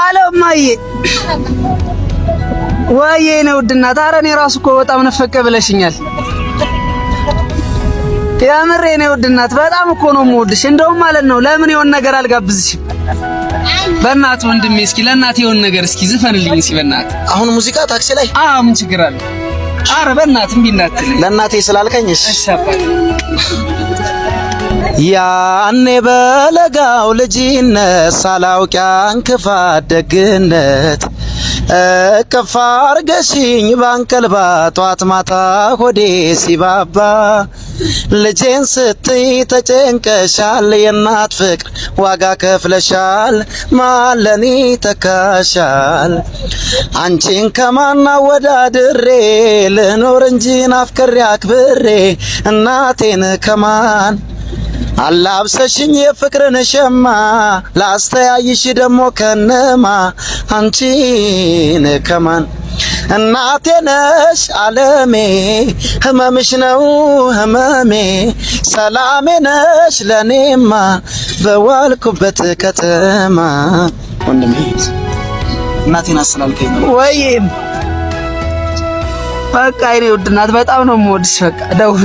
አለማዬ ወዬ ነው ውድና ታረ እኔ እኮ በጣም ነፈቀ ብለሽኛል። የምሬ ነው ውድናት፣ በጣም እኮ ነው የምወድሽ። እንደውም ማለት ነው ለምን የሆነ ነገር አልጋብዝሽም? በእናት ወንድሜ፣ እስኪ ለእናት የሆነ ነገር እስኪ ዝፈንልኝ እስኪ በእናት። አሁን ሙዚቃ ታክሲ ላይ? አዎ፣ ምን ችግር አለ? አረ በእናት እምቢ እንዳትልኝ። ለእናቴ ስላልከኝ እሺ ያኔ በለጋው ልጅነት ሳላውቅ ያን ክፋት ደግነት እቅፍ አርገሽኝ ባንቀልባ ጧት ማታ ሆዴ ሲባባ ልጄን ስትይ ተጨንቀሻል። የእናት ፍቅር ዋጋ ከፍለሻል። ማለኒ ተካሻል። አንቺን ከማና ወዳድሬ ልኖር እንጂ ናፍቅሬ አክብሬ እናቴን ከማን አላብሰሽኝ የፍቅርን ሸማ ላስተያይሽ ደሞ ከነማ አንቺን ከማን እናቴ ነሽ አለሜ ህመምሽ ነው ህመሜ ሰላሜ ነሽ ለኔማ በዋልኩበት ከተማ ወንድሜ እናቴን አስላልከኝ ወይም በቃ የኔ ውድ እናት በጣም ነው የምወድሽ። በቃ ደውል